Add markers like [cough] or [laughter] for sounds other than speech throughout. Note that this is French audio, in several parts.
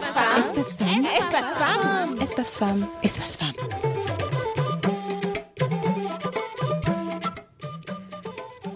was fam? Ist was fam? Ist was fam? Ist was was fam?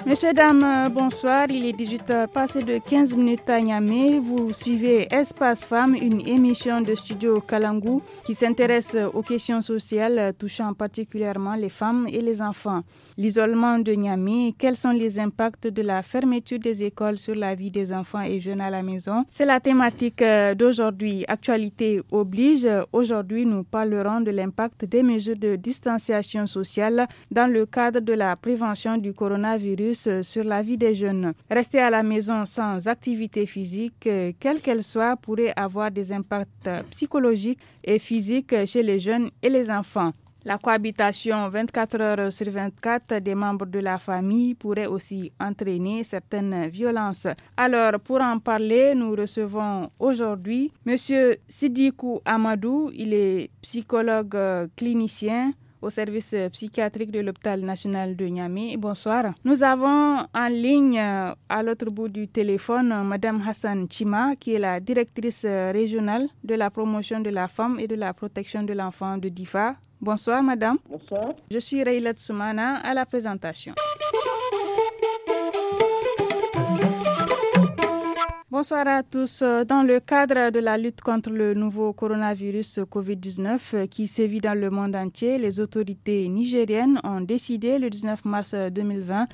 Messieurs, dames, euh, bonsoir. Il est 18h passé de 15 minutes à Niamey. Vous suivez Espace Femmes, une émission de studio Kalangu qui s'intéresse aux questions sociales euh, touchant particulièrement les femmes et les enfants. L'isolement de Niamey, quels sont les impacts de la fermeture des écoles sur la vie des enfants et jeunes à la maison C'est la thématique euh, d'aujourd'hui. Actualité oblige. Aujourd'hui, nous parlerons de l'impact des mesures de distanciation sociale dans le cadre de la prévention du coronavirus euh, sur la vie des jeunes. Rester à la maison sans activité physique, euh, quelle qu'elle soit, pourrait avoir des impacts psychologiques et physiques chez les jeunes et les enfants. La cohabitation 24 heures sur 24 des membres de la famille pourrait aussi entraîner certaines violences. Alors, pour en parler, nous recevons aujourd'hui M. Sidikou Amadou. Il est psychologue clinicien, au service euh, psychiatrique de l'hôpital national de Niamey. Bonsoir. Nous avons en ligne euh, à l'autre bout du téléphone euh, Madame Hassan Chima, qui est la directrice régionale de la promotion de la femme et de la protection de l'enfant de DIFA. Bonsoir Madame. Bonsoir. Je suis Raylette Soumana à la présentation. Bonsoir à tous. Dans le cadre de la lutte contre le nouveau coronavirus COVID-19 qui sévit dans le monde entier, les autorités nigériennes ont décidé le 19 mars 2020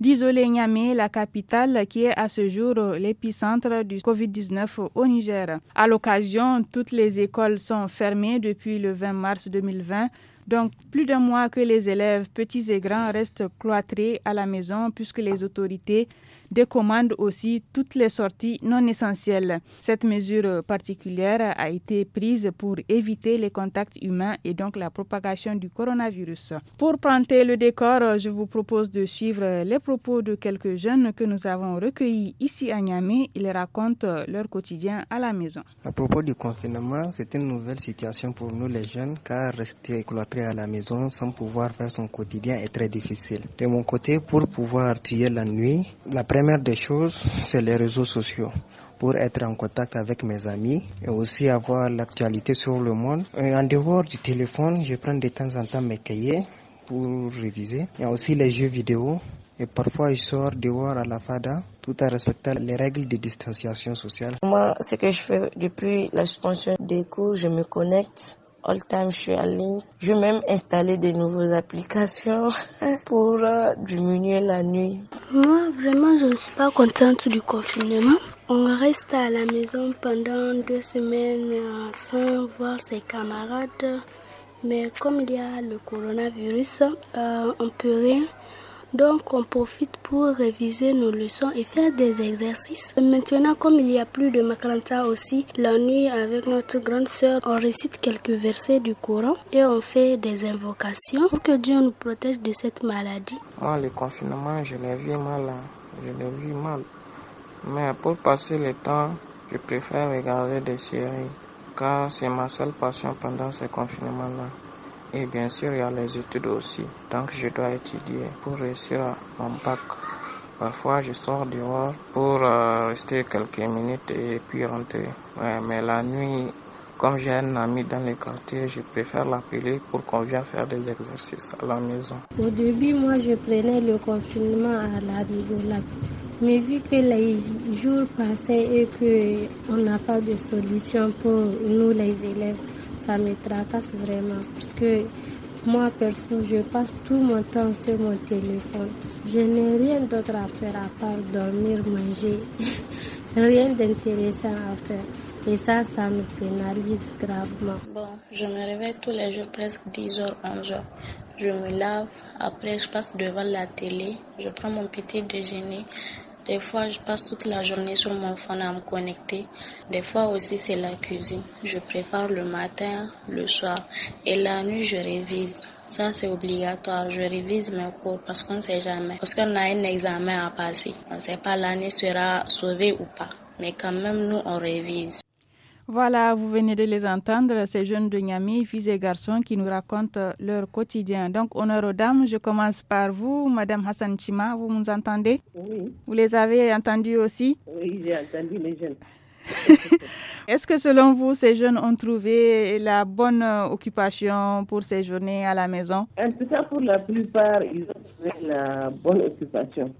d'isoler Niamey, la capitale qui est à ce jour l'épicentre du Covid-19 au Niger. À l'occasion, toutes les écoles sont fermées depuis le 20 mars 2020. Donc, plus d'un mois que les élèves, petits et grands, restent cloîtrés à la maison puisque les autorités décommande aussi toutes les sorties non essentielles. Cette mesure particulière a été prise pour éviter les contacts humains et donc la propagation du coronavirus. Pour planter le décor, je vous propose de suivre les propos de quelques jeunes que nous avons recueillis ici à Niamey. Ils racontent leur quotidien à la maison. À propos du confinement, c'est une nouvelle situation pour nous les jeunes car rester cloîtré à la maison sans pouvoir faire son quotidien est très difficile. De mon côté, pour pouvoir tuer la nuit, presse première des choses, c'est les réseaux sociaux pour être en contact avec mes amis et aussi avoir l'actualité sur le monde. en dehors du téléphone, je prends de temps en temps mes cahiers pour réviser. Il y a aussi les jeux vidéo et parfois je sors dehors à la fada tout en respectant les règles de distanciation sociale. Moi, ce que je fais depuis la suspension des cours, je me connecte all-time, je suis en Je vais même installer des nouvelles applications [laughs] pour euh, diminuer la nuit. Moi, vraiment, je ne suis pas contente du confinement. On reste à la maison pendant deux semaines euh, sans voir ses camarades. Mais comme il y a le coronavirus, on euh, on peut rien donc on profite pour réviser nos leçons et faire des exercices. maintenant comme il y a plus de Makranta aussi, la nuit avec notre grande sœur, on récite quelques versets du Coran et on fait des invocations pour que Dieu nous protège de cette maladie. Ah, le confinement, je l'ai vu mal, hein. je l'ai vu mal. Mais pour passer le temps, je préfère regarder des séries car c'est ma seule passion pendant ce confinement-là. Et bien sûr, il y a les études aussi. Donc, je dois étudier pour réussir mon bac. Parfois, je sors dehors pour euh, rester quelques minutes et puis rentrer. mais la nuit, comme j'ai un ami dans le quartier, je préfère l'appeler pour qu'on vienne faire des exercices à la maison. Au début, moi, je prenais le confinement à la rigolade. Mais vu que les jours passaient et qu'on n'a pas de solution pour nous, les élèves, ça me tracasse vraiment. Parce que moi, perso, je passe tout mon temps sur mon téléphone. Je n'ai rien d'autre à faire à part dormir, manger. [laughs] rien d'intéressant à faire. Et ça, ça me pénalise gravement. Bon, je me réveille tous les jours presque 10h, 11h. Je me lave, après je passe devant la télé, je prends mon petit déjeuner. Des fois, je passe toute la journée sur mon phone à me connecter. Des fois aussi, c'est la cuisine. Je prépare le matin, le soir et la nuit, je révise. Ça, c'est obligatoire. Je révise mes cours parce qu'on ne sait jamais. Parce qu'on a un examen à passer. On ne sait pas l'année sera sauvée ou pas. Mais quand même, nous, on révise. Voilà, vous venez de les entendre, ces jeunes de Niami, fils et garçons, qui nous racontent leur quotidien. Donc, honneur aux dames, je commence par vous, Madame Hassan Chima, vous nous entendez Oui. Vous les avez entendus aussi Oui, j'ai entendu les jeunes. Est-ce que selon vous, ces jeunes ont trouvé la bonne euh, occupation pour ces à la maison En tout cas, pour la plupart, ils ont trouvé la bonne occupation.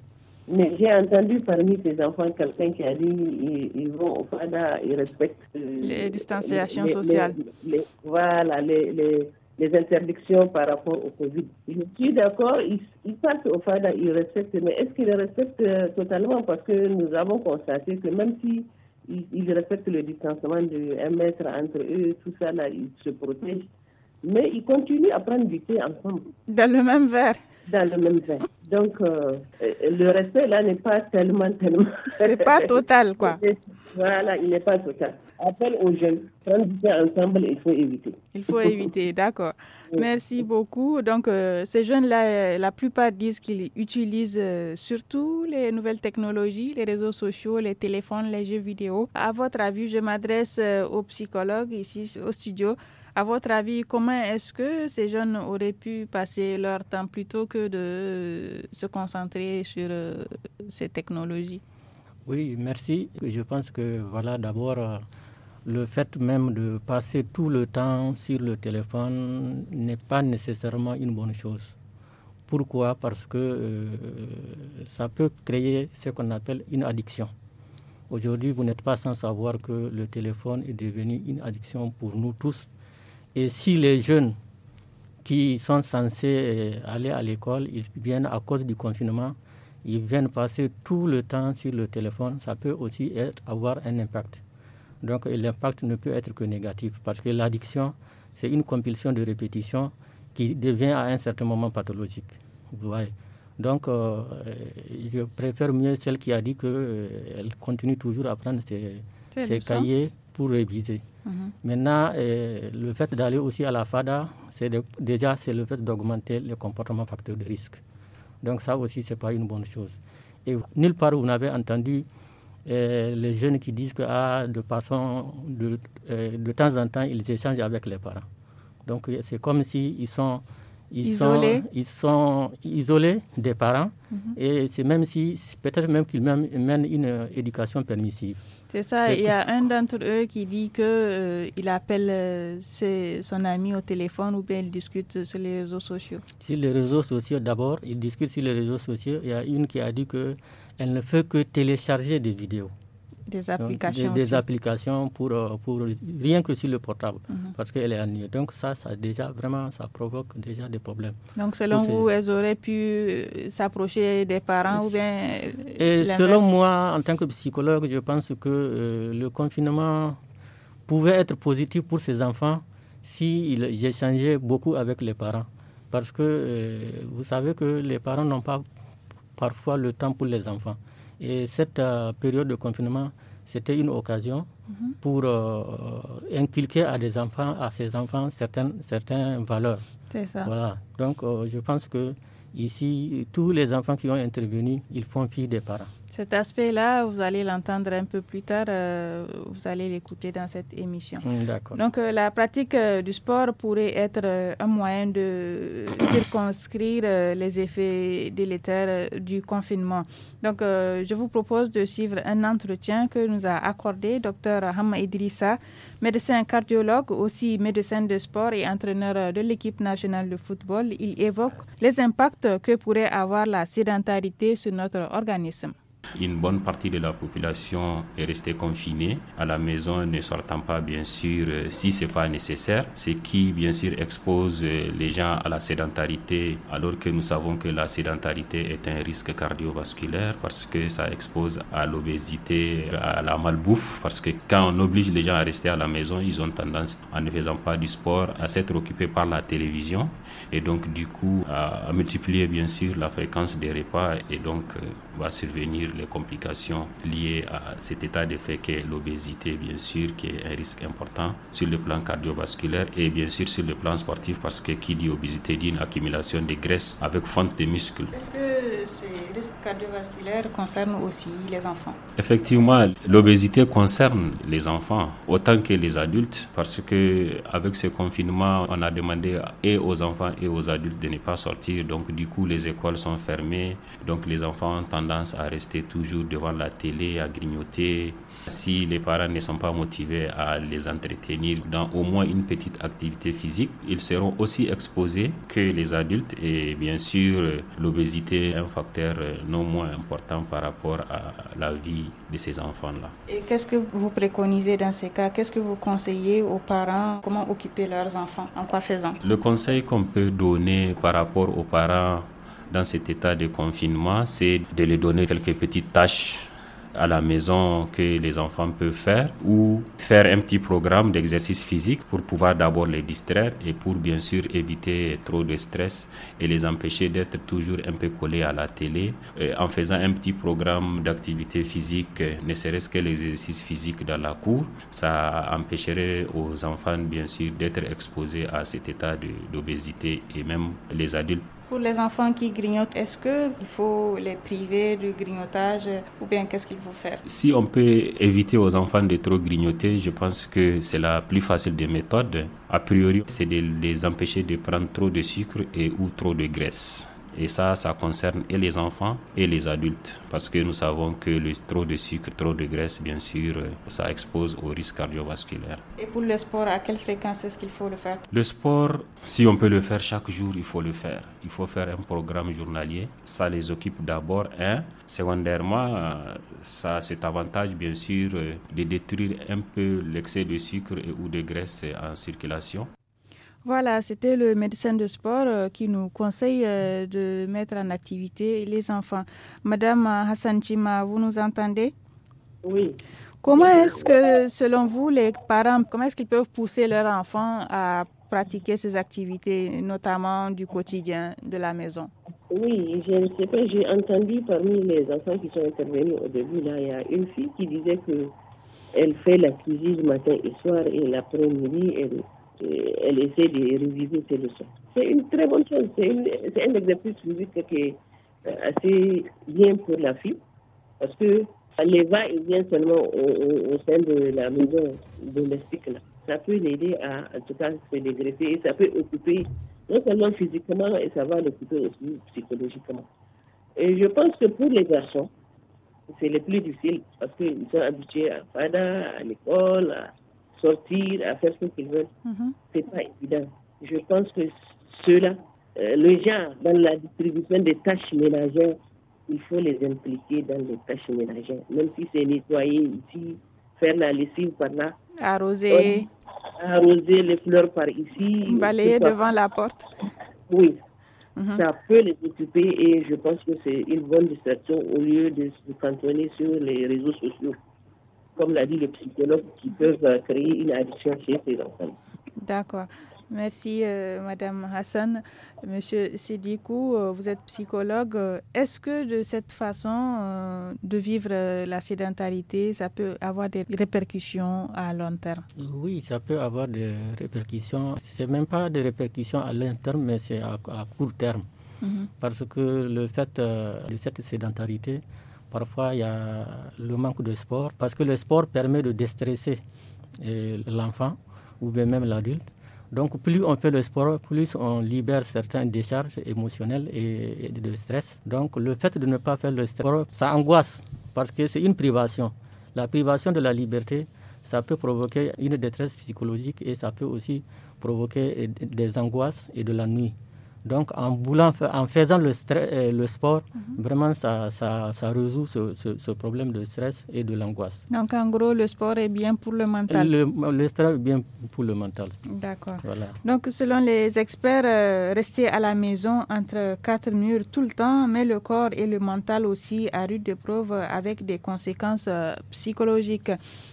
Mais j'ai entendu parmi ces enfants quelqu'un qui a dit ils, vont au FADA, ils respectent euh, les distanciations sociales. Les, voilà, les, interdictions par rapport au Covid. Je suis d'accord, ils, ils, partent au FADA, ils respectent, mais est-ce qu'ils respectent euh, totalement Parce que nous avons constaté que même si ils, respectent le distanciement de 1 mètre entre eux, tout ça là, ils se protègent. Mais ils continuent à prendre du thé ensemble. Dans le même verre. Dans le même verre. Donc, euh, le respect là n'est pas tellement, tellement. C'est pas total, quoi. [laughs] voilà, il n'est pas total appel aux jeunes. transiter ensemble, il faut éviter. Il faut éviter, d'accord. Merci beaucoup. Donc, euh, ces jeunes-là, euh, la plupart disent qu'ils utilisent euh, surtout les nouvelles technologies, les réseaux sociaux, les téléphones, les jeux vidéo. À votre avis, je m'adresse au aux psychologues ici au studio. À votre avis, comment est-ce que ces jeunes auraient pu passer leur temps plutôt que de se concentrer sur ces technologies Oui, merci. Je pense que voilà d'abord le fait même de passer tout le temps sur le téléphone n'est pas nécessairement une bonne chose. Pourquoi Parce que euh, ça peut créer ce qu'on appelle une addiction. Aujourd'hui, vous n'êtes pas sans savoir que le téléphone est devenu une addiction pour nous tous. Et si les jeunes qui sont censés euh, aller à l'école, ils viennent à cause du confinement, ils viennent passer tout le temps sur le téléphone, ça peut aussi être, avoir un impact. Donc l'impact ne peut être que négatif parce que l'addiction, c'est une compulsion de répétition qui devient à un certain moment pathologique. Donc euh, je préfère mieux celle qui a dit qu'elle euh, continue toujours à prendre ses, cahiers pour réviser. Mhm. Maintenant, euh, le fait d'aller aussi à la FADA, c'est déjà c'est le fait d'augmenter les comportements facteurs de risque. Donc ça aussi, ce n'est pas une bonne chose. Et nulle part vous n'avez entendu les jeunes qui disent que ah, de, façon, de, euh, de temps en temps, ils échangent avec les parents. Donc c'est comme s'ils ils sont, ils isolés. sont, ils sont isolés des parents mhm. et c'est même si peut-être même qu'ils mènent une éducation permissive. C'est ça, il y a un d'entre eux qui dit que euh, il appelle euh, son ami au téléphone ou bien il discute sur les réseaux sociaux. Sur les réseaux sociaux d'abord, il discute sur les réseaux sociaux. Il y a une qui a dit que elle ne fait que télécharger des vidéos. Des applications. des, applications pour, euh, pour, rien que sur le portable, mhm. parce qu'elle est ennuyée. Donc ça, ça déjà vraiment, ça provoque déjà des problèmes. Donc selon vous, elles auraient pu euh, s'approcher des parents ou bien. Euh, Et selon moi, en tant que psychologue, je pense que le confinement pouvait être positif pour ces enfants s'ils si échangeaient beaucoup avec les parents, parce que vous savez que les parents n'ont pas parfois le temps pour les enfants. Et cette euh, période de confinement, c'était une occasion mhm. pour euh, euh, inculquer à des enfants, à ces enfants, certaines, certaines valeurs. C'est ça. Voilà. Donc, je pense que ici, tous les enfants qui ont intervenu, ils font fi des parents. Cet aspect-là, vous allez l'entendre un peu plus tard, euh, vous allez l'écouter dans cette émission. Mm, Donc euh, la pratique euh, du sport pourrait être un moyen de [coughs] circonscrire les effets délétères du confinement. Donc je vous propose de suivre un entretien que nous a accordé docteur Hamma Idrissa, médecin cardiologue, aussi médecin de sport et entraîneur de l'équipe nationale de football. Il évoque les impacts que pourrait avoir la sédentarité sur notre organisme. Une bonne partie de la population est restée confinée à la maison, ne sortant pas bien sûr euh, si ce n'est pas nécessaire, ce qui bien sûr expose euh, les gens à la sédentarité, alors que nous savons que la sédentarité est un risque cardiovasculaire parce que ça expose à l'obésité, à la malbouffe, parce que quand on oblige les gens à rester à la maison, ils ont tendance, en ne faisant pas du sport, à s'être occupés par la télévision. Et donc, du coup, à, multiplier bien sûr la fréquence des repas et donc euh, va survenir les complications liées à cet état de fait qu'est l'obésité, bien sûr, qui est un risque important sur le plan cardiovasculaire et bien sûr sur le plan sportif parce que qui dit obésité dit une accumulation de graisse avec fonte de muscles. ce que c'est risques cardiovasculaires concernent aussi les enfants. Effectivement, l'obésité concerne les enfants autant que les adultes parce que avec ce confinement, on a demandé et aux enfants et aux adultes de ne pas sortir. Donc du coup, les écoles sont fermées. Donc les enfants ont tendance à rester toujours devant la télé, à grignoter. Si les parents ne sont pas motivés à les entretenir dans au moins une petite activité physique, ils seront aussi exposés que les adultes et bien sûr l'obésité est un facteur euh, non moins important par rapport à la vie de ces enfants-là. Et qu'est-ce que vous préconisez dans ces cas Qu'est-ce que vous conseillez aux parents Comment occuper leurs enfants En quoi faisant Le conseil qu'on peut donner par rapport aux parents dans cet état de confinement, c'est de leur donner quelques petites tâches à la maison que les enfants peuvent faire ou faire un petit programme d'exercice physique pour pouvoir d'abord les distraire et pour bien sûr éviter trop de stress et les empêcher d'être toujours un peu collés à la télé en faisant un petit programme d'activité physique, ne serait-ce que l'exercice physique dans la cour, ça empêcherait aux enfants bien sûr d'être exposés à cet état d'obésité et même les adultes pour les enfants qui grignotent, est-ce qu'il faut les priver du grignotage ou bien qu'est-ce qu'il faut faire Si on peut éviter aux enfants de trop grignoter, je pense que c'est la plus facile des méthodes. A priori, c'est de les empêcher de prendre trop de sucre et ou trop de graisse. Et ça, ça concerne et les enfants et les adultes. Parce que nous savons que le trop de sucre, trop de graisse, bien sûr, euh, ça expose au risque cardiovasculaire. Et pour le sport, à quelle fréquence est-ce qu'il faut le faire Le sport, si on peut le faire chaque jour, il faut le faire. Il faut faire un programme journalier. Ça les occupe d'abord, un. Secondairement, euh, ça a cet avantage, bien sûr, euh, de détruire un peu l'excès de sucre ou de graisse en circulation. Voilà, c'était le médecin de sport euh, qui nous conseille euh, de mettre en activité les enfants. Madame euh, Hassan Chima, vous nous entendez Oui. Comment est-ce que, selon vous, les parents, comment est-ce qu'ils peuvent pousser leurs enfants à pratiquer ces activités, notamment du quotidien de la maison Oui, je ne sais pas, j'ai entendu parmi les enfants qui sont intervenus au début, il y a une fille qui disait que elle fait la cuisine matin et soir et l'après-midi, elle elle essaie de réviser ses leçons. C'est une très bonne chose, c'est un exercice physique qui est euh, assez bien pour la fille, parce que les va et vient seulement au, sein de la maison domestique, ça peut l'aider à, en tout cas, se dégraisser et ça peut occuper, non seulement physiquement, et ça va l'occuper aussi psychologiquement. Et je pense que pour les garçons, c'est le plus difficile parce qu'ils sont habitués à FADA, à l'école, à sortir à faire ce qu'ils veulent. Mhm. Ce n'est pas évident. Je pense que ceux-là, les euh, le gens dans la distribution des tâches ménagères, il faut les impliquer dans les tâches ménagères. Même si c'est nettoyer ici, faire la lessive par là. Arroser. Arroser les fleurs par ici. Balayer devant la porte. Oui. Mhm. Ça peut les occuper et je pense que c'est une bonne distraction au lieu de se cantonner sur les réseaux sociaux comme l'a dit le psychologue, qui peuvent euh, créer une addiction chez ces enfants. D'accord. Merci, Mme euh, Madame Hassan. Monsieur Sidikou, Kou, euh, vous êtes psychologue. Est-ce que de cette façon de vivre la sédentarité, ça peut avoir des répercussions à long terme Oui, ça peut avoir des répercussions. C'est même pas des répercussions à long terme, mais c'est à, court terme. Mhm. Parce que le fait de cette sédentarité, Parfois, il y a le manque de sport parce que le sport permet de déstresser euh, l'enfant ou même l'adulte. Donc, plus on fait le sport, plus on libère certaines décharges émotionnelles et, de stress. Donc, le fait de ne pas faire le sport, ça angoisse parce que c'est une privation. La privation de la liberté, ça peut provoquer une détresse psychologique et ça peut aussi provoquer euh, des angoisses et de la nuit. Donc en, faisant le, euh, sport, mhm. vraiment ça, résout ce, problème de stress et de l'angoisse. Donc en gros, le sport est bien pour le mental. Le, stress est bien pour le mental. D'accord. Donc selon les experts, euh, rester à la maison entre quatre murs tout le temps met le corps et le mental aussi à rude épreuve avec des conséquences euh, psychologiques.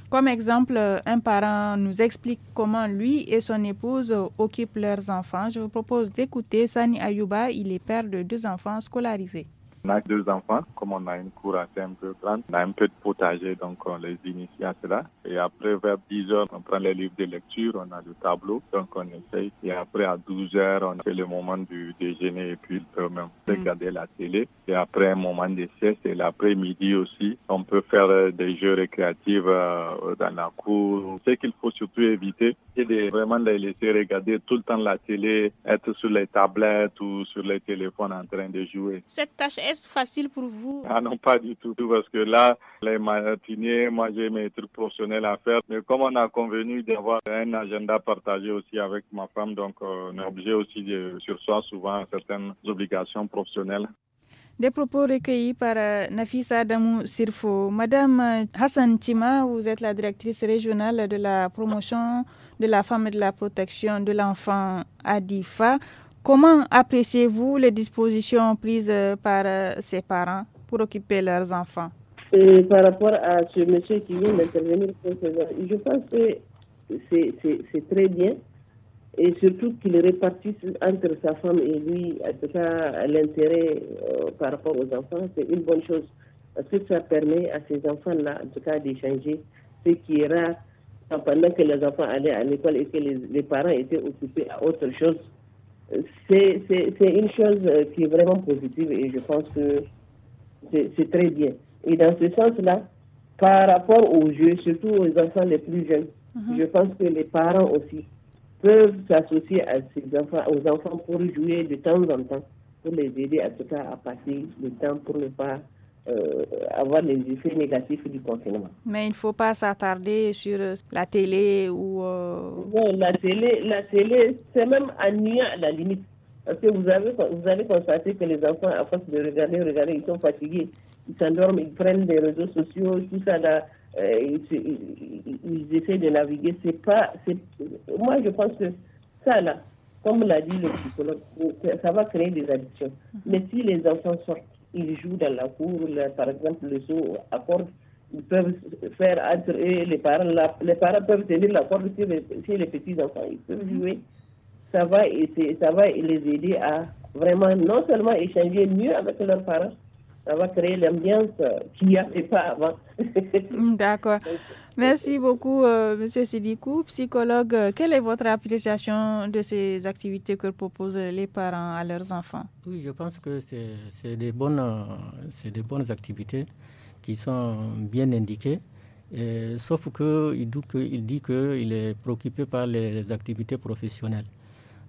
Comme exemple, euh, un parent nous explique comment lui et son épouse occupent leurs enfants. Je vous propose d'écouter Sani Ayuba, Il est père de deux enfants scolarisés. On a deux enfants, comme on a une cour assez un peu grande, on a un peu de potager, donc on les initie à cela. Et après, vers 10 heures, on prend les livres de lecture, on a le tableau, donc on essaye. Et après, à 12 heures, on fait le moment du déjeuner et puis on peut mm. regarder la télé. Et après, un moment de sieste et l'après-midi aussi, on peut faire euh, des jeux récréatifs euh, dans la cour. Ce qu'il faut surtout éviter, de vraiment les laisser regarder tout le temps la télé, être sur les tablettes ou sur les téléphones en train de jouer. Cette tâche est ce facile pour vous Ah non, pas du tout, parce que là, les matinées moi j'ai mes trucs professionnels à faire. Mais comme on a convenu d'avoir un agenda partagé aussi avec ma femme, donc euh, on est obligé aussi de soi souvent certaines obligations professionnelles. Des propos recueillis par euh, Nafisa Adamou Sirfo. Madame euh, Hassan Chima, vous êtes la directrice régionale de la promotion de la femme et de la protection de l'enfant Adifa. Comment appréciez-vous les dispositions prises euh, par ses euh, parents pour occuper leurs enfants Par rapport à ce monsieur qui vient d'intervenir, euh, je pense que c'est très bien et surtout qu'il répartisse entre sa femme et lui, en tout cas, l'intérêt par rapport aux enfants, c'est une bonne chose. Parce que ça permet à ces enfants-là, en tout cas, d'échanger, ce qui est rare pendant que les enfants allaient à l'école et que les, parents étaient occupés à autre chose, c'est une chose euh, qui est vraiment positive et je pense que c'est très bien. Et dans ce sens-là, par rapport aux jeux, surtout aux enfants les plus jeunes, mhm. je pense que les parents aussi peuvent s'associer à enfants, aux enfants pour jouer de temps en temps, pour les aider à tout cas à passer le temps pour ne pas euh, avoir les effets négatifs du confinement. Mais il ne faut pas s'attarder sur euh, la télé ou... Euh, la télé, la télé c'est même ennuyant à la limite. Parce que vous avez, vous allez constaté que les enfants, à force de regarder, regarder, ils sont fatigués. Ils s'endorment, ils prennent des réseaux sociaux, tout ça, là, ils, essaient de naviguer. C'est pas... Moi, je pense que ça, là, comme l'a dit le psychologue, ça va créer des addictions. Mais si les enfants sortent, ils jouent dans la cour, par exemple, le saut à corde, ils peuvent faire entrer les parents, les parents peuvent tenir la corde chez les, petits-enfants, ils peuvent mhm. jouer. Ça va, ça va les aider à vraiment non seulement échanger mieux avec leurs parents, ça va créer l'ambiance qu'il n'y avait pas avant. [laughs] D'accord. Merci beaucoup, M. Euh, Monsieur Sidikou, psychologue. Euh, quelle est votre appréciation de ces activités que proposent les parents à leurs enfants Oui, je pense que c'est des, bonnes, des bonnes activités qui sont bien indiquées. sauf qu'il dit qu'il dit est préoccupé par les activités professionnelles.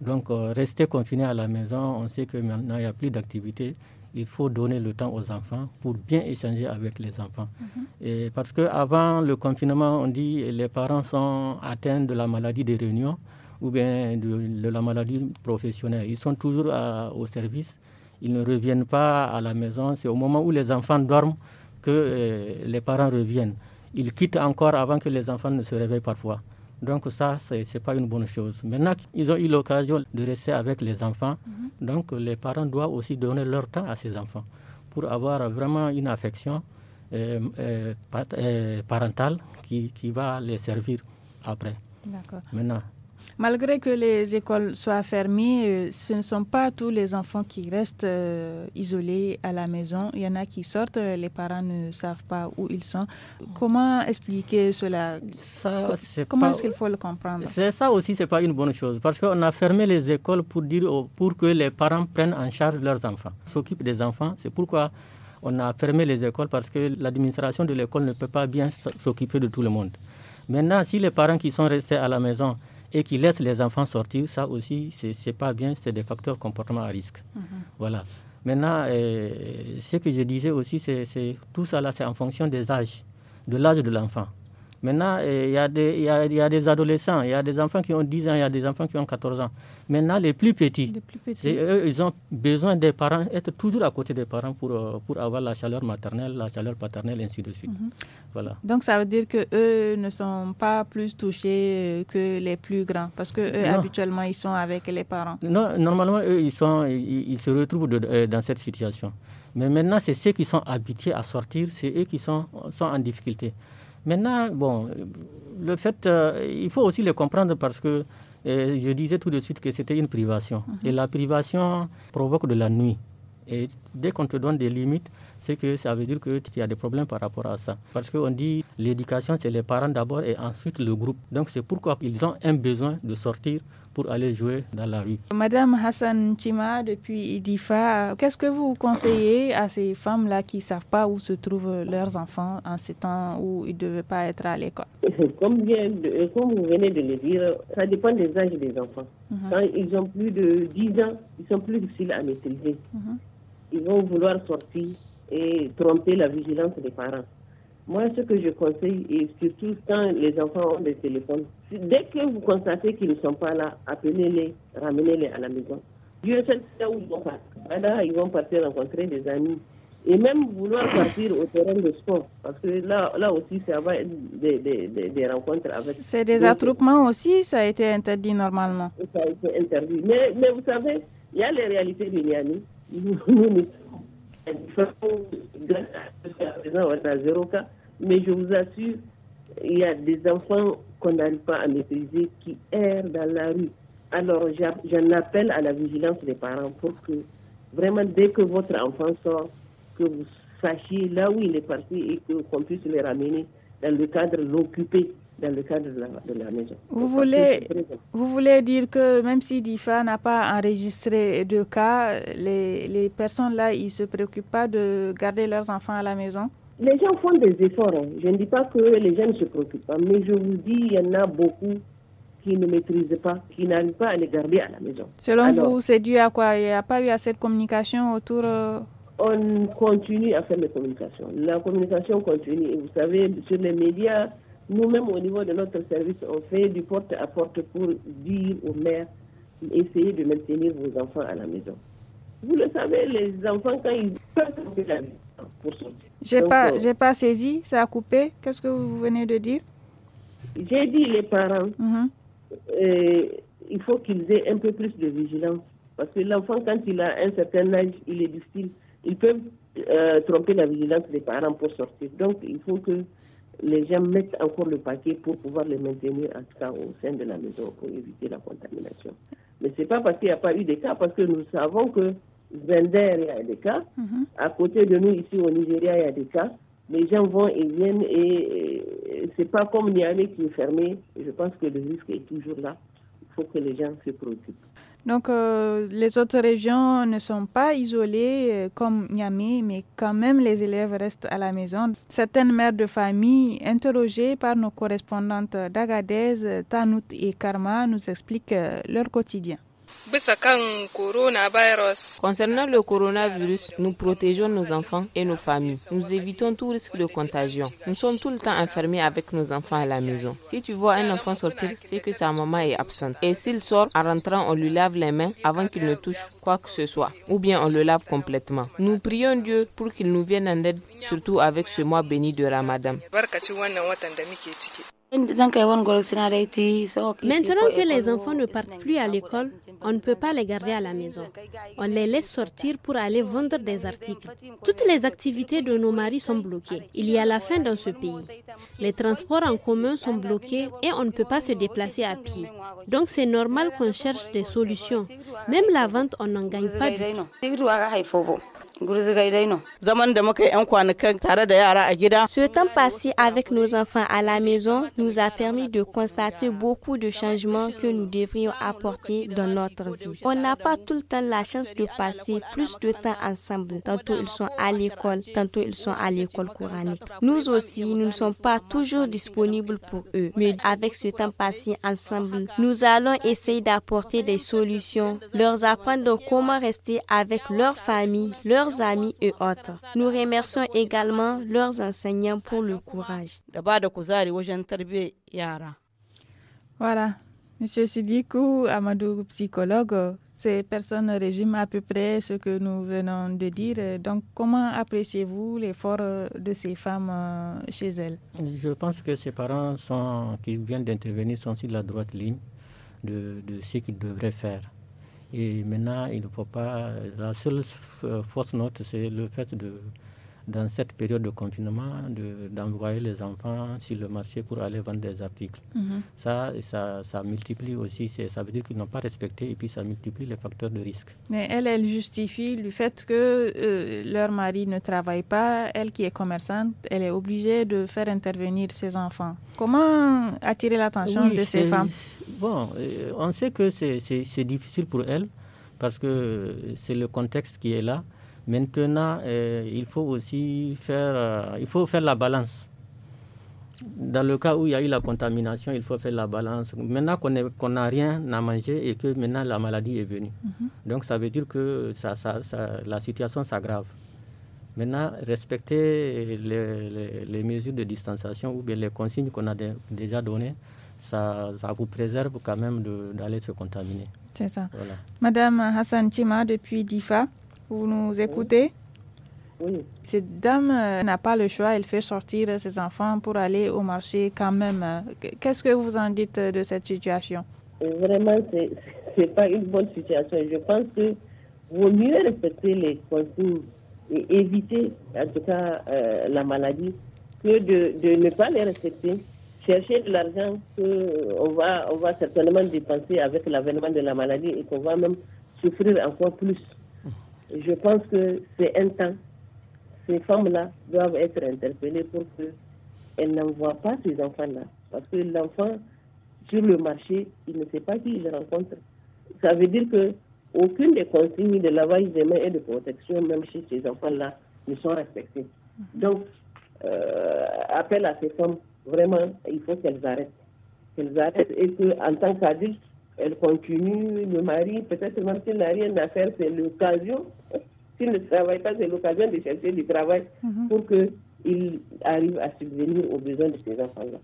Donc, euh, rester confiné à la maison, on sait que maintenant, il n'y a plus d'activités il faut donner le temps aux enfants pour bien échanger avec les enfants. Mhm. Et parce qu'avant le confinement, on dit les parents sont atteints de la maladie des réunions ou bien de, la maladie professionnelle. Ils sont toujours au service, ils ne reviennent pas à la maison. C'est au moment où les enfants dorment que euh, les parents reviennent. Ils quittent encore avant que les enfants ne se réveillent parfois. Donc ça, ce n'est pas une bonne chose. Maintenant ils ont eu l'occasion de rester avec les enfants, mhm. donc les parents doivent aussi donner leur temps à ces enfants pour avoir vraiment une affection euh, euh, euh, parentale qui, qui va les servir après. Maintenant, Malgré que les écoles soient fermées, euh, ce ne sont pas tous les enfants qui restent euh, isolés à la maison. Il y en a qui sortent, euh, les parents ne savent pas où ils sont. Comment expliquer cela Comment est-ce qu'il faut le comprendre ça aussi, c'est pas une bonne chose parce qu'on a fermé les écoles pour dire pour que les parents prennent en charge leurs enfants, s'occupent des enfants. C'est pourquoi on a fermé les écoles parce que l'administration de l'école ne peut pas bien s'occuper de tout le monde. Maintenant, si les parents qui sont restés à la maison et qui laissent les enfants sortir, ça aussi, c'est pas bien, c'est des facteurs comportement à risque. Mhm. Voilà. Maintenant, euh, ce que je disais aussi, c'est tout ça là, c'est en fonction des âges, de l'âge de l'enfant. Maintenant, eh, il y, a des, adolescents, il y a des enfants qui ont 10 ans, il y a des enfants qui ont 14 ans. Maintenant, les plus petits, ils ont besoin des parents, être toujours à côté des parents pour, euh, pour avoir la chaleur maternelle, la chaleur paternelle, ainsi de suite. Mhm. voilà. Donc, ça veut dire qu'eux ne sont pas plus touchés euh, que les plus grands, parce qu'eux, habituellement, ils sont avec les parents. Non, normalement, eux, ils, se retrouvent euh, dans cette situation. Mais maintenant, c'est ceux qui sont habitués à sortir, c'est eux qui sont en difficulté. Maintenant, bon, le fait, euh, il faut aussi le comprendre parce que euh, je disais tout de suite que c'était une privation. Mhm. Et la privation provoque de la nuit. Et dès qu'on te donne des limites, c'est que ça veut dire qu'il y a des problèmes par rapport à ça. Parce qu'on dit l'éducation, c'est les parents d'abord et ensuite le groupe. Donc c'est pourquoi ils ont un besoin de sortir pour aller jouer dans la rue. Madame Hassan Chima, depuis IDIFA, qu'est-ce que vous conseillez à ces femmes-là qui ne savent pas où se trouvent leurs enfants en ces temps où ils ne devaient pas être à l'école [laughs] comme, comme vous venez de le dire, ça dépend des âges des enfants. Mhm. Quand ils ont plus de 10 ans, ils sont plus difficiles à maîtriser. Mhm. Ils vont vouloir sortir, et tromper la vigilance des parents. Moi, ce que je conseille, et surtout quand les enfants ont des téléphones, dès que vous constatez qu'ils ne sont pas là, appelez-les, ramenez-les à la maison. Dieu sait où ils vont partir. Là, ils vont partir rencontrer des amis. Et même vouloir partir au terrain de sport. Parce que là, là aussi, ça va être des, des, des, rencontres avec. C'est des attroupements aussi, ça a été interdit normalement. Ça a été interdit. Mais, mais vous savez, il y a les réalités de Niani. [laughs] mais je vous assure, il y a des enfants qu'on n'arrive pas à maîtriser qui errent dans la rue. Alors j'en appelle à la vigilance des parents pour que vraiment dès que votre enfant sort, que vous sachiez là où il est parti et qu'on puisse le ramener dans le cadre l'occuper dans le cadre de la, maison. Vous voulez, vous voulez dire que même si DIFA n'a pas enregistré de cas, les, les personnes-là, ils ne se préoccupent pas de garder leurs enfants à la maison Les gens font des efforts. Hein. Je ne dis pas que les gens ne se préoccupent pas, mais je vous dis, il y en a beaucoup qui ne maîtrisent pas, qui n'arrivent pas à les garder à la maison. Selon vous, c'est dû à quoi Il n'y a pas eu assez de communication autour... Euh? on continue à faire des communications. La communication continue. vous savez, sur les médias, nous-mêmes, au niveau de notre service, on fait du porte à porte pour dire aux mères essayez de maintenir vos enfants à la maison. Vous le savez, les enfants, quand ils peuvent la vie pour sortir. J'ai pas, euh, j'ai pas saisi, ça a coupé. Qu'est-ce que vous venez de dire J'ai dit les parents, mhm. euh, il faut qu'ils aient un peu plus de vigilance. Parce que l'enfant, quand il a un certain âge, il est difficile. Ils peuvent euh, tromper la vigilance des parents pour sortir. Donc, il faut que les gens mettent encore le paquet pour pouvoir le maintenir en tout cas au sein de la maison pour éviter la contamination. Mais ce n'est pas parce qu'il n'y a pas eu des cas, parce que nous savons que Zender, il y a des cas. Mhm. À côté de nous, ici au Nigeria, il y a des cas. Les gens vont et viennent et, c'est pas comme Niamey qui est fermé. Je pense que le risque est toujours là. Il faut que les gens se préoccupent. Donc, euh, les autres régions ne sont pas isolées euh, comme Niamey, mais quand même, les élèves restent à la maison. Certaines mères de famille, interrogées par nos correspondantes d'Agadez, Tanout et Karma, nous expliquent euh, leur quotidien. Concernant le coronavirus, nous protégeons nos enfants et nos familles. Nous évitons tout risque de contagion. Nous sommes tout le temps enfermés avec nos enfants à la maison. Si tu vois un enfant sortir, c'est que sa maman est absente. Et s'il sort, en rentrant, on lui lave les mains avant qu'il ne touche quoi que ce soit. Ou bien on le lave complètement. Nous prions Dieu pour qu'il nous vienne en aide, surtout avec ce mois béni de Ramadan. Maintenant que les enfants ne partent plus à l'école, on ne peut pas les garder à la maison. On les laisse sortir pour aller vendre des articles. Toutes les activités de nos maris sont bloquées. Il y a la faim dans ce pays. Les transports en commun sont bloqués et on ne peut pas se déplacer à pied. Donc c'est normal qu'on cherche des solutions. Même la vente, on n'en gagne pas du ce temps passé avec nos enfants à la maison nous a permis de constater beaucoup de changements que nous devrions apporter dans notre vie. On n'a pas tout le temps la chance de passer plus de temps ensemble. Tantôt ils sont à l'école, tantôt ils sont à l'école coranique. Nous aussi, nous ne sommes pas toujours disponibles pour eux. Mais avec ce temps passé ensemble, nous allons essayer d'apporter des solutions, leur apprendre comment rester avec leur famille, leur amis et autres. Nous remercions également leurs enseignants pour le courage. Voilà, Monsieur Sidikou, Amadou, psychologue, ces personnes régiment à peu près ce que nous venons de dire. Donc, comment appréciez-vous l'effort de ces femmes euh, chez elles Je pense que ces parents sont, qui viennent d'intervenir sont sur la droite ligne de, de ce qu'ils devraient faire. Et maintenant, il ne faut pas. La seule euh, fausse note, c'est le fait de dans cette période de confinement, d'envoyer les enfants sur le marché pour aller vendre des articles. Mhm. Ça, ça, ça, multiplie aussi, ça veut dire qu'ils n'ont pas respecté et puis ça multiplie les facteurs de risque. Mais elle, elle justifie le fait que euh, leur mari ne travaille pas, elle qui est commerçante, elle est obligée de faire intervenir ses enfants. Comment attirer l'attention de ces femmes Bon, euh, on sait que c'est difficile pour elles parce que c'est le contexte qui est là. Maintenant, euh, il faut aussi faire, euh, il faut faire la balance. Dans le cas où il y a eu la contamination, il faut faire la balance. Maintenant qu'on n'a rien à manger et que maintenant la maladie est venue. Mhm. Donc ça veut dire que ça, la situation s'aggrave. Maintenant, respecter les, mesures de distanciation ou bien les consignes qu'on a déjà données, ça, vous préserve quand même d'aller se contaminer. C'est ça. Voilà. Madame Hassan Chima, depuis DIFA, vous nous écoutez Oui. Cette dame euh, n'a pas le choix, elle fait sortir ses enfants pour aller au marché quand même. Qu'est-ce que vous en dites de cette situation Vraiment, ce n'est pas une bonne situation. Je pense que vaut mieux respecter les consignes et éviter, en tout cas, euh, la maladie que de, ne pas les respecter. Chercher de l'argent qu'on euh, va, on va certainement dépenser avec l'avènement de la maladie et qu'on va même souffrir encore plus. Je pense que c'est un temps. Ces femmes-là doivent être interpellées pour qu'elles n'envoient pas ces enfants-là. Parce que l'enfant, sur le marché, il ne sait pas qui il rencontre. Ça veut dire que aucune des consignes de lavage des mains et de protection, même chez ces enfants-là, ne sont respectées. Donc, euh, appel à ces femmes, vraiment, il faut qu'elles arrêtent. Qu'elles arrêtent et qu'en tant qu'adultes, elle continue, le mari, peut-être même s'il n'a rien à faire, c'est l'occasion. [laughs] S'il ne travaille pas, c'est l'occasion de chercher du travail mhm. pour pour qu'il arrive à subvenir aux besoins de ses enfants-là.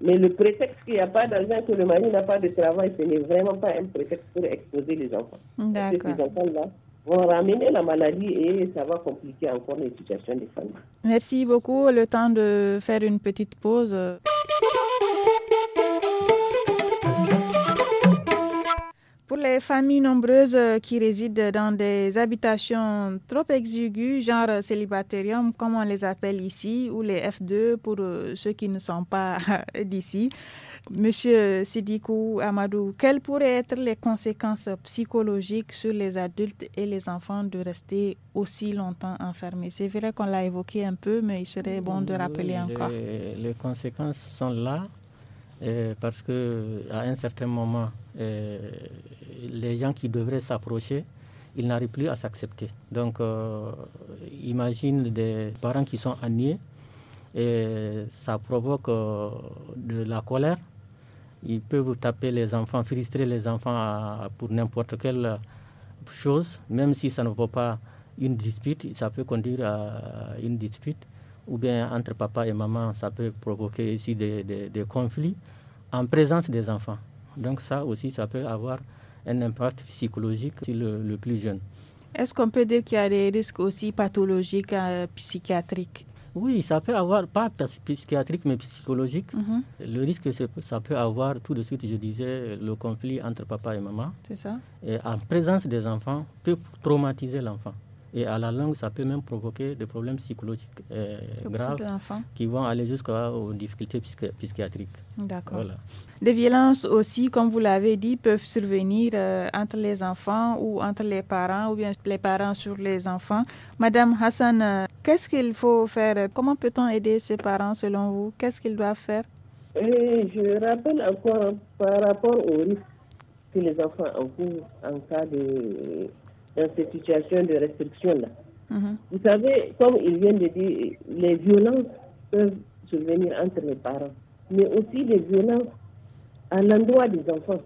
Mais le prétexte qu'il n'y a pas d'argent, que le mari n'a pas de travail, ce n'est vraiment pas un prétexte pour exposer les enfants. Parce que ces enfants-là vont ramener la maladie et ça va compliquer encore les situations des familles. Merci beaucoup. Le temps de faire une petite pause. les familles nombreuses euh, qui résident dans des habitations trop exiguës, genre célibatérium comme on les appelle ici, ou les F2 pour euh, ceux qui ne sont pas [laughs] d'ici, Monsieur Sidikou Amadou, quelles pourraient être les conséquences psychologiques sur les adultes et les enfants de rester aussi longtemps enfermés C'est vrai qu'on l'a évoqué un peu, mais il serait bon de euh, rappeler encore. Les conséquences sont là. Euh, parce que à un certain moment, euh, les gens qui devraient s'approcher, ils n'arrivent plus à s'accepter. Donc, euh, imagine des parents qui sont ennuyés, et ça provoque de la colère. Ils peuvent taper les enfants, frustrer les enfants pour n'importe quelle chose, même si ça ne vaut pas une dispute, ça peut conduire à une dispute ou bien entre papa et maman, ça peut provoquer aussi des, des, conflits en présence des enfants. Donc ça aussi, ça peut avoir un impact psychologique sur le, plus jeune. Est-ce qu'on peut dire qu'il y a des risques aussi pathologiques, euh, psychiatriques Oui, ça peut avoir, pas psychiatrique, mais psychologique. Mhm. Le risque, ça peut avoir tout de suite, je disais, le conflit entre papa et maman. C'est ça. Et en présence des enfants, peut traumatiser l'enfant. Et à la langue, ça peut même provoquer des problèmes psychologiques euh, graves qui vont aller jusqu'aux difficultés psychiatriques. D'accord. Des violences aussi, comme vous l'avez dit, peuvent survenir euh, entre les enfants ou entre les parents ou bien les parents sur les enfants. Madame Hassan, euh, qu'est-ce qu'il faut faire Comment peut-on aider ces parents selon vous Qu'est-ce qu'ils doivent faire Je rappelle encore par rapport au risque que les enfants ont en cas de dans ces situations de restriction-là. Mhm. Vous savez, comme il vient de dire, les violences peuvent survenir entre les parents, mais aussi les violences à l'endroit des enfants.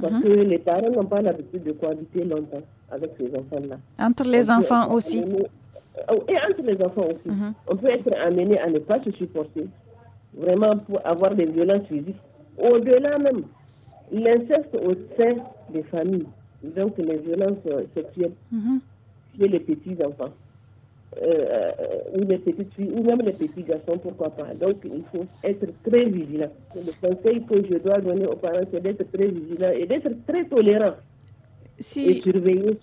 Parce mhm. que les parents n'ont pas l'habitude de cohabiter longtemps avec ces enfants-là. Entre les enfants aussi. Oh, et entre les enfants aussi. Mhm. On peut être amené à ne pas se supporter, vraiment pour avoir des violences physiques. Au-delà même, l'inceste au sein des familles donc les violences sexuelles mhm. chez les petits enfants. Euh, euh, ou les petites filles, ou même les petits garçons, pourquoi pas. Donc, il faut être très vigilant. Le conseil que je dois donner aux parents, c'est d'être très vigilant et d'être très tolérant et surveiller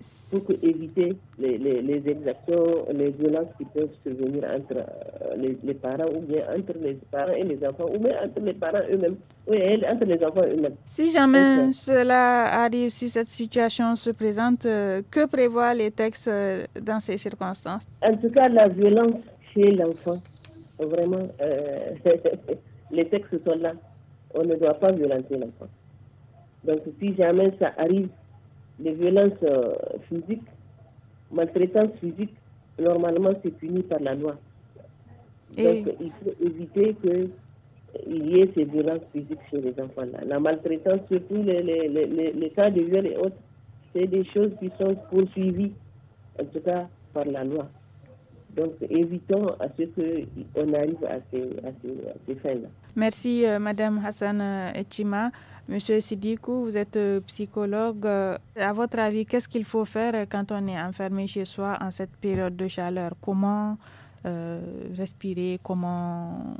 surtout pour éviter les, les, les, exactions, les violences qui peuvent se venir entre euh, les, les, parents ou bien entre les parents et les enfants ou bien entre les parents eux-mêmes entre les enfants eux-mêmes. Si jamais cela arrive, si cette situation se présente, euh, que prévoient les textes euh, dans ces circonstances En tout cas, la violence chez l'enfant, vraiment, [laughs] les textes sont là. On ne doit pas violenter l'enfant. Donc si jamais ça arrive, les violences euh, physiques, maltraitance physique, normalement, c'est puni par la loi. Et... Donc, il faut éviter qu'il euh, y ait ces violences physiques chez les enfants-là. La maltraitance, surtout les, les, les, cas de viol et autres, c'est des choses qui sont poursuivies, en tout cas par la loi. Donc, évitons à ce qu'on arrive à ces, à fins-là. Merci, euh, Madame Hassan Echima. Monsieur Sidikou, vous êtes euh, psychologue. Euh, à votre avis, qu'est-ce qu'il faut faire quand on est enfermé chez soi en cette période de chaleur Comment euh, respirer Comment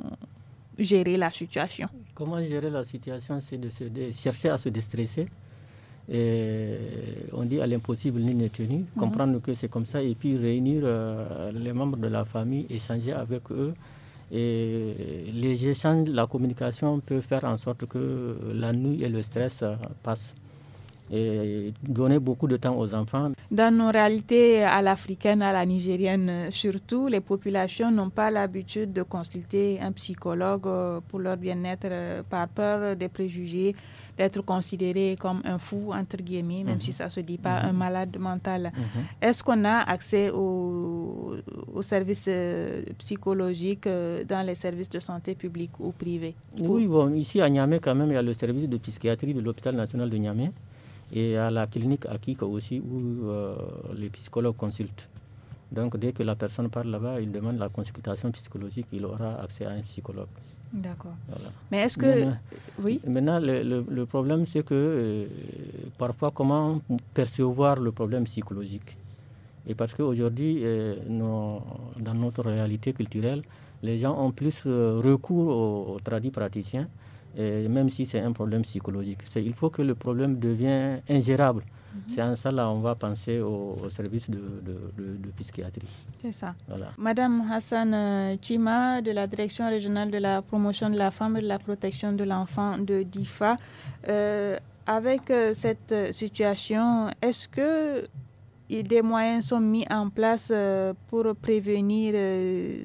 gérer la situation Comment gérer la situation, c'est de, chercher à se déstresser. Et on dit à l'impossible ni n'est tenu, mhm. comprendre que c'est comme ça et puis réunir les membres de la famille, échanger avec eux, et les échanges, la communication peut faire en sorte que la nuit et le stress euh, passent et donner beaucoup de temps aux enfants. Dans nos réalités à l'africaine, à la nigérienne surtout, les populations n'ont pas l'habitude de consulter un psychologue euh, pour leur bien-être euh, par peur des préjugés, d'être considéré comme un fou, entre guillemets, même si mhm. ça ne se dit pas un mhm. malade mental. Mhm. Est-ce qu'on a accès aux, services euh, psychologiques euh, dans les services de santé publique ou privés Oui, bon, ici à Niamey, quand même, il y a le service de psychiatrie de l'hôpital national de Niamey et à la clinique Kik aussi où euh, les psychologues consultent. Donc dès que la personne parle là-bas, il demande la consultation psychologique, il aura accès à un psychologue. D'accord. Mais est-ce que. oui. Maintenant, le, problème, c'est que euh, parfois, comment percevoir le problème psychologique Et parce qu'aujourd'hui, euh, dans notre réalité culturelle, les gens ont plus euh, recours aux, aux praticiens, même si c'est un problème psychologique. Il faut que le problème devienne ingérable Mhm. C'est en ça là on va penser au, service de, psychiatrie. C'est ça. Voilà. Madame Hassan euh, Chima de la direction régionale de la promotion de la femme et de la protection de l'enfant de DIFA. Euh, avec euh, cette situation, est-ce que des moyens sont mis en place pour prévenir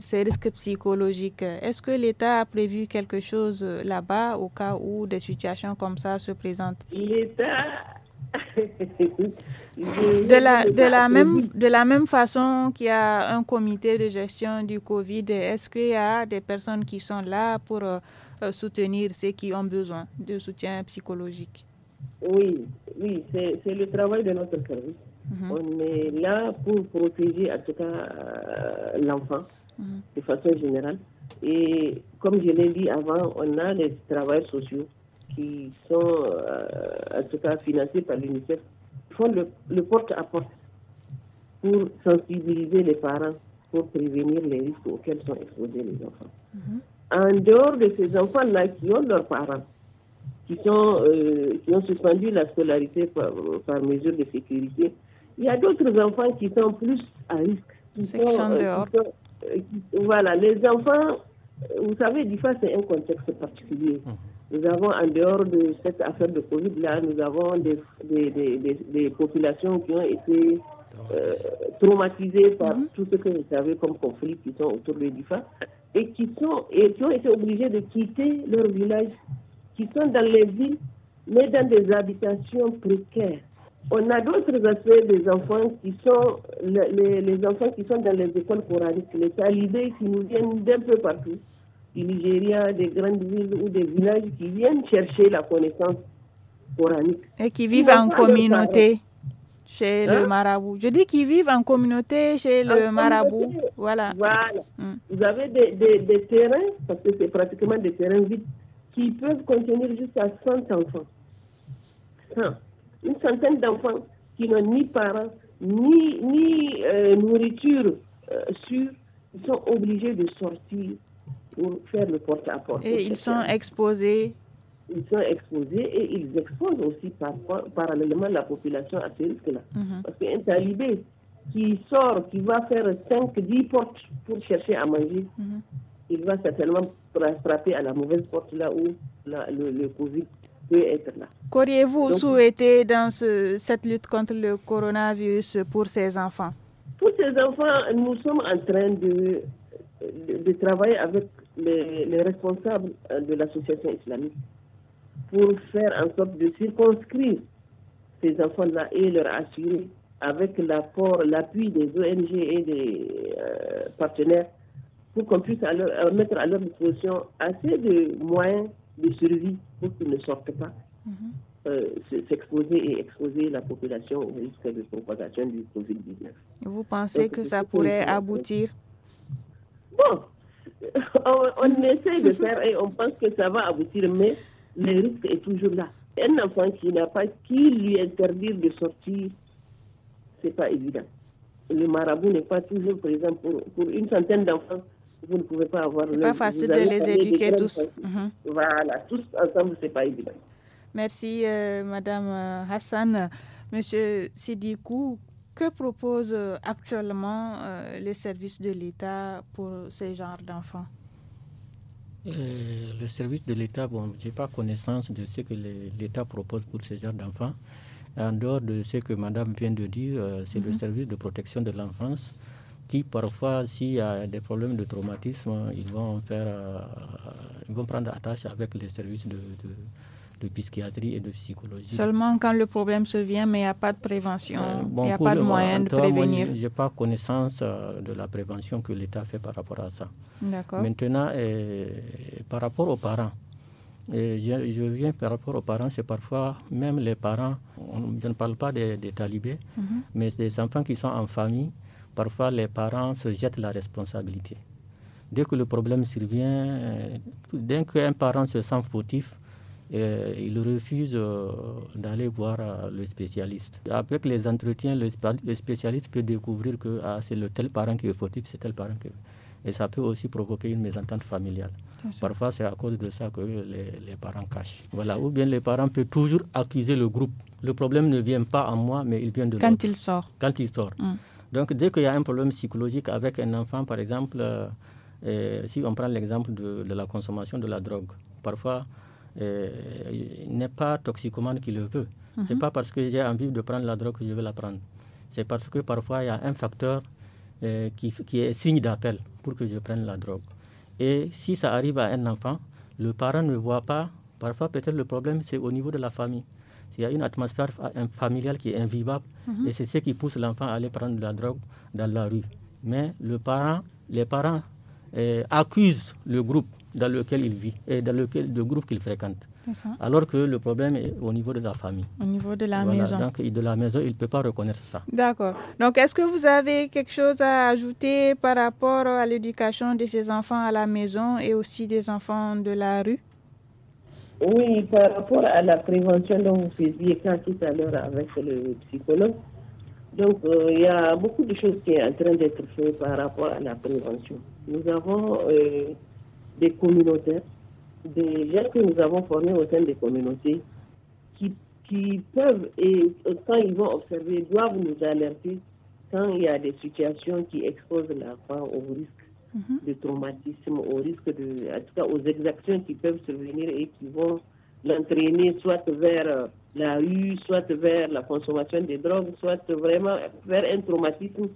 ces risques psychologiques. Est-ce que l'État a prévu quelque chose là-bas au cas où des situations comme ça se présentent L'État [laughs] de la, de, la même, de la même façon qu'il y a un comité de gestion du Covid, est-ce qu'il y a des personnes qui sont là pour euh, euh, soutenir ceux qui ont besoin de soutien psychologique Oui, oui c'est le travail de notre service. Mhm. On est là pour protéger en tout cas euh, l'enfant mhm. de façon générale. Et comme je l'ai dit avant, on a les travailleurs sociaux qui sont euh, en tout cas financés par l'UNICEF font le, porte-à-porte pour sensibiliser les parents pour prévenir les risques auxquels sont exposés les enfants. Mhm. En dehors de ces enfants-là qui ont leurs parents, qui, sont, euh, qui ont suspendu la scolarité par, mesure de sécurité, il y a d'autres enfants qui sont plus à risque. Euh, voilà, les enfants, vous savez, du c'est un contexte particulier. Mhm. Nous avons, en dehors de cette affaire de Covid-là, nous avons des, populations qui ont été euh, traumatisées par mhm. tout ce que vous savez comme conflit qui sont autour de Difa et qui, sont, et qui ont été obligés de quitter leur village, qui sont dans les villes, mais dans des habitations précaires. On a d'autres aspects des enfants qui sont les, enfants qui sont dans les écoles coraniques, les talibés qui nous viennent d'un peu partout, du Nigeria, des grandes villes ou des villages qui viennent chercher la connaissance coranique. Et qui vivent en communauté chez le hein? marabout. Je dis qu'ils vivent en communauté chez le marabout. Voilà. Mm. Vous avez des, terrains, parce que c'est pratiquement des terrains vides, qui peuvent contenir jusqu'à 100 enfants. Une centaine d'enfants qui n'ont ni parents, ni, ni euh, nourriture euh, sûre, ils sont obligés de sortir pour faire le porte-à-porte. et ils sont exposés Ils sont exposés et ils exposent aussi parallèlement la population à ce risque-là. Mhm. Parce qu'un talibé qui sort, qui va faire 5-10 portes pour chercher à manger, mhm. il va certainement frapper à la mauvaise porte là où Covid le, le Covid Qu'auriez-vous souhaité dans cette lutte contre le coronavirus pour ces enfants Pour ces enfants, nous sommes en train de de, travailler avec les, responsables euh, de l'association islamique pour faire en sorte de circonscrire ces enfants-là et leur assurer, avec l'apport, l'appui des ONG et des euh, partenaires, pour qu'on puisse euh, mettre à leur disposition assez de moyens de survie pour qu'ils ne sortent pas, mhm. s'exposer et exposer la population au risque de propagation du Covid-19. Vous pensez que ça pourrait aboutir Bon, on, essaie de faire et on pense que ça va aboutir, mais le risque est toujours là. Un enfant qui n'a pas qui lui interdire de sortir, c'est pas évident. Le marabout n'est pas toujours présent pour, une centaine d'enfants. Vous ne pouvez pas avoir. n'est pas facile de les éduquer tous. Hein. Mhm. Voilà, tous ensemble, c'est pas évident. Merci, euh, Madame euh, Hassan. Monsieur Sidikou, que proposent euh, actuellement euh, les services de l'État pour ces genres d'enfants euh, Le service de l'État, bon, je n'ai pas connaissance de ce que l'État propose pour ces genre d'enfants. En dehors de ce que Madame vient de dire, euh, c'est le mhm. service de protection de l'enfance qui parfois, s'il y a des problèmes de traumatisme, ils vont, faire, ils vont prendre attache avec les services de, de de psychiatrie et de psychologie. Seulement quand le problème survient, mais il n'y a pas de prévention, euh, il n'y a pas de moyen de prévenir. Je n'ai pas connaissance euh, de la prévention que l'État fait par rapport à ça. D'accord. Maintenant, euh, par rapport aux parents, je, viens par rapport aux parents, c'est parfois même les parents, je ne parle pas des, talibés, mhm. mais des enfants qui sont en famille, parfois les parents se jettent la responsabilité. Dès que le problème survient, dès qu'un parent se sent fautif, et euh, il refuse euh, d'aller voir euh, le spécialiste. Avec les entretiens, le spécialiste peut découvrir que ah, c'est le tel parent qui est fautif, c'est tel parent qui est... Et ça peut aussi provoquer une mésentente familiale. Parfois, c'est à cause de ça que les, parents cachent. Voilà. Ou bien les parents peuvent toujours accuser le groupe. Le problème ne vient pas à moi, mais il vient de Quand il sort. Quand il sort. Hum. Donc, dès qu'il y a un problème psychologique avec un enfant, par exemple, si on prend l'exemple de, la consommation de la drogue, parfois, euh, n'est pas toxicomane qui le veut. Ce n'est C'est mhm. pas parce que j'ai envie de prendre la drogue que je vais la prendre. C'est parce que parfois il y a un facteur euh, qui, qui, est signe d'appel pour que je prenne la drogue. Et si ça arrive à un enfant, le parent ne voit pas. Parfois, peut-être le problème, c'est au niveau de la famille. Il y a une atmosphère familiale qui est invivable mhm. et c'est ce qui pousse l'enfant à aller prendre de la drogue dans la rue. Mais le parent, les parents euh, accusent le groupe dans lequel il vit et dans lequel le groupe qu'il fréquente. Alors que le problème est au niveau de la famille. Au niveau de la maison. Donc de la maison, il ne peut pas reconnaître ça. D'accord. Donc est-ce que vous avez quelque chose à ajouter par rapport à l'éducation de ces enfants à la maison et aussi des enfants de la rue Oui, par rapport à la prévention dont vous faisiez quand tout à l'heure avec le psychologue. Donc, euh, il y a beaucoup de choses qui sont en train d'être faites par rapport à la prévention. Nous avons euh, des communautaires, des gens que nous avons formés au sein des communautés, qui, peuvent, et euh, quand ils vont observer, doivent nous alerter quand il y a des situations qui exposent l'enfant au risque mhm. de traumatisme, au risque de, en tout cas aux exactions qui peuvent survenir et qui vont l'entraîner soit vers euh, la rue, soit vers la consommation des drogues, soit vraiment vers un traumatisme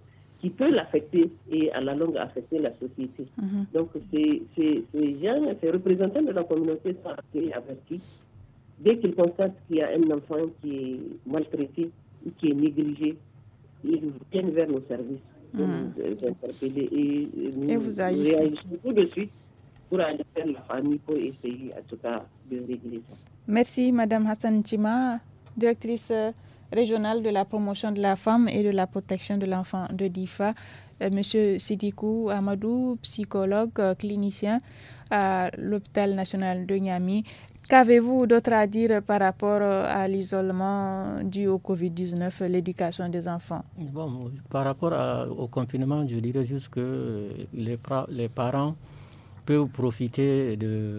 qui peut l'affecter et à la longue affecter la société. Mhm. Donc ces, ces, ces, gens, ces représentants de la communauté sont assez avertis. Dès qu'ils constatent qu'il y a un enfant qui est maltraité ou qui est négligé, ils viennent vers nos services mhm. nous interpeller et, nous vous réagissons tout de suite pour aller vers la famille pour essayer en tout cas de régler ça. Merci Madame Hassan Chima, directrice euh, régional de la promotion de la femme et de la protection de l'enfant de DIFA, euh, Monsieur Sidikou Amadou, psychologue euh, clinicien à l'hôpital national de Niamey. Qu'avez-vous d'autre à dire par rapport euh, à l'isolement dû au Covid-19, l'éducation des enfants bon, Par rapport au confinement, je dirais juste que les, parents peuvent profiter de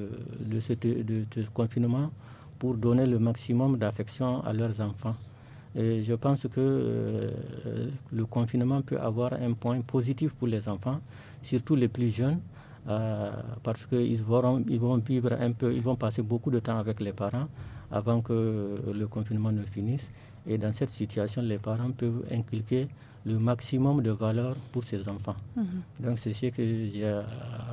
ce confinement pour donner le maximum d'affection à leurs enfants je pense que euh, le confinement peut avoir un point positif pour les enfants, surtout les plus jeunes, euh, parce qu'ils vont, ils vont vivre un peu, ils vont passer beaucoup de temps avec les parents avant que le confinement ne finisse. Et dans cette situation, les parents peuvent inculquer le maximum de valeur pour ses enfants. Mm-hmm. Donc c'est ce que j'ai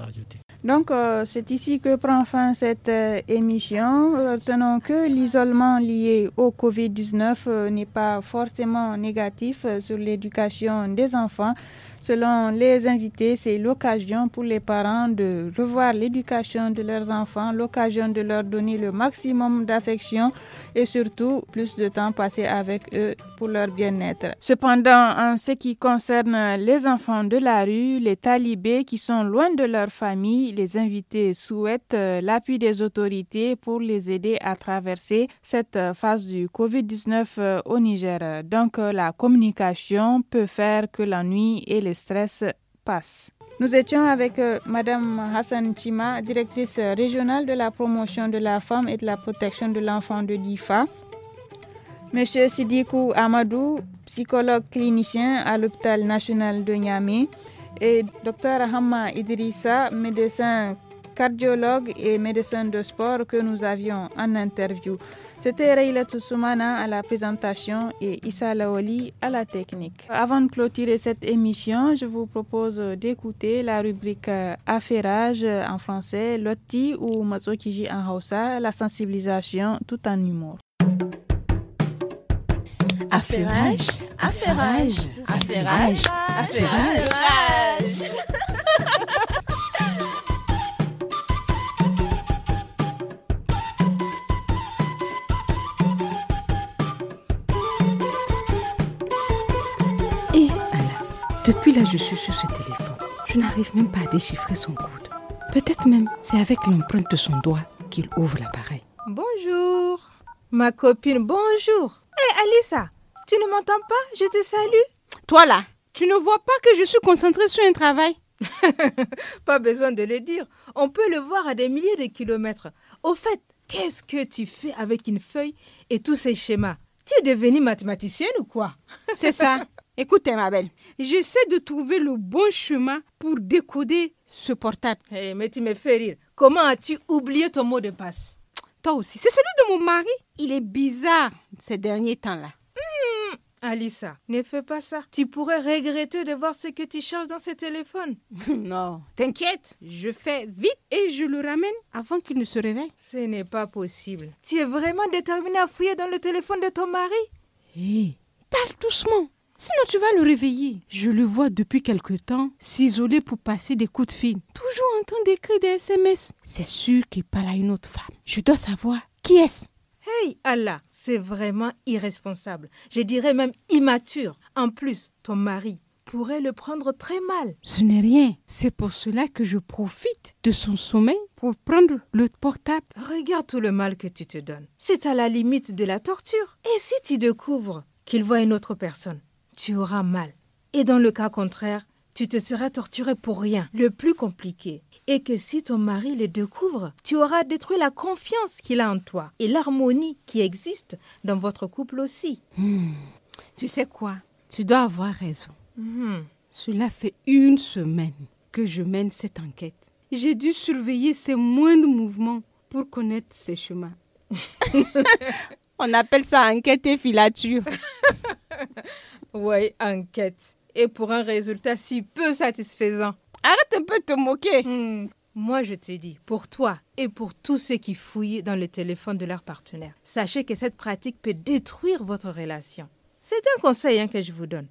ajouté. Donc, euh, c'est ici que prend fin cette euh, émission. Retenons que l'isolement lié au Covid-19 euh, n'est pas forcément négatif sur l'éducation des enfants. Selon les invités, c'est l'occasion pour les parents de revoir l'éducation de leurs enfants, l'occasion de leur donner le maximum d'affection et surtout plus de temps passé avec eux pour leur bien-être. Cependant, en ce qui concerne les enfants de la rue, les talibés qui sont loin de leur famille, les invités souhaitent euh, l'appui des autorités pour les aider à traverser cette euh, phase du COVID-19 euh, au Niger. Donc, la communication peut faire que la nuit et les stress passe. Nous étions avec euh, Madame Hassan Chima, directrice euh, régionale de la promotion de la femme et de la protection de l'enfant de DIFA. Monsieur Sidikou Amadou, psychologue clinicien à l'hôpital national de Niamey. Et Dr Hamma Idrissa, médecin cardiologue et médecin de sport que nous avions en interview. C'était Reila Toussoumana à la présentation et Issa Laoli à la technique. Avant de clôturer cette émission, je vous propose d'écouter la rubrique euh, Affairage en français, Lotti ou Masokiji en Hausa, la sensibilisation tout en humour. Affairage, affairage, affairage, affairage. Depuis là, je suis sur ce téléphone. Je n'arrive même pas à déchiffrer son coude. Peut-être même c'est avec l'empreinte de son doigt qu'il ouvre l'appareil. Bonjour, ma copine, bonjour. Hé, eh, Alissa, tu ne m'entends pas Je te salue. Toi là, tu ne vois pas que je suis concentrée sur un travail [laughs] Pas besoin de le dire. On peut le voir à des milliers de kilomètres. Au fait, qu'est-ce que tu fais avec une feuille et tous ces schémas Tu es devenue mathématicienne ou quoi C'est ça. [laughs] Écoutez, ma belle, j'essaie de trouver le bon chemin pour décoder ce portable. Eh, mais tu me fais rire. Comment as-tu oublié ton mot de passe Toi aussi. C'est celui de mon mari. Il est bizarre ces derniers temps-là. Hmm, Alissa, ne fais pas ça. Tu pourrais regretter de voir ce que tu charges dans ce téléphone. [laughs] non, t'inquiète. Je fais vite et je le ramène avant qu'il ne se réveille. Ce n'est pas possible. Tu es vraiment déterminée à fouiller dans le téléphone de ton mari Hé, eh, parle doucement. Sinon, tu vas le réveiller. Je le vois depuis quelque temps s'isoler pour passer des coups de fil. Toujours en train d'écrire des SMS. C'est sûr qu'il parle à une autre femme. Je dois savoir qui est-ce. Hey Allah, c'est vraiment irresponsable. Je dirais même immature. En plus, ton mari pourrait le prendre très mal. Ce n'est rien. C'est pour cela que je profite de son sommeil pour prendre le portable. Regarde tout le mal que tu te donnes. C'est à la limite de la torture. Et si tu découvres qu'il voit une autre personne tu auras mal. Et dans le cas contraire, tu te seras torturé pour rien. Le plus compliqué est que si ton mari le découvre, tu auras détruit la confiance qu'il a en toi et l'harmonie qui existe dans votre couple aussi. Hmm. Tu sais quoi Tu dois avoir raison. Hmm. Cela fait une semaine que je mène cette enquête. J'ai dû surveiller ses moindres mouvements pour connaître ses chemins. [laughs] On appelle ça enquête et filature. [laughs] Oui, enquête. Et pour un résultat si peu satisfaisant. Arrête un peu de te moquer. Hmm. Moi, je te dis, pour toi et pour tous ceux qui fouillent dans le téléphone de leur partenaire, sachez que cette pratique peut détruire votre relation. C'est un conseil hein, que je vous donne.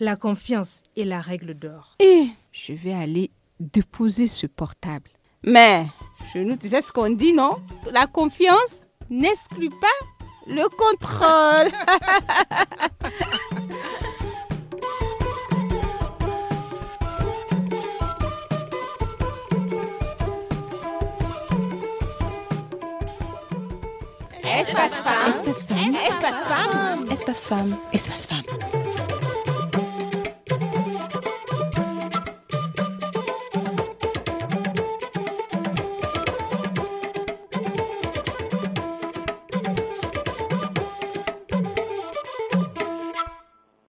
La confiance est la règle d'or. Et eh, je vais aller déposer ce portable. Mais, je nous disais ce qu'on dit, non La confiance n'exclut pas le contrôle. Espace femme. Espace femme. Espace femme. Espace femme. Espace femme.